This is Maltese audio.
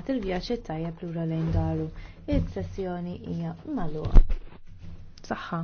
kulħadd il-vjaġġ tajjeb lura lejn daru. Id-sessjoni hija magħluqa. Saħħa.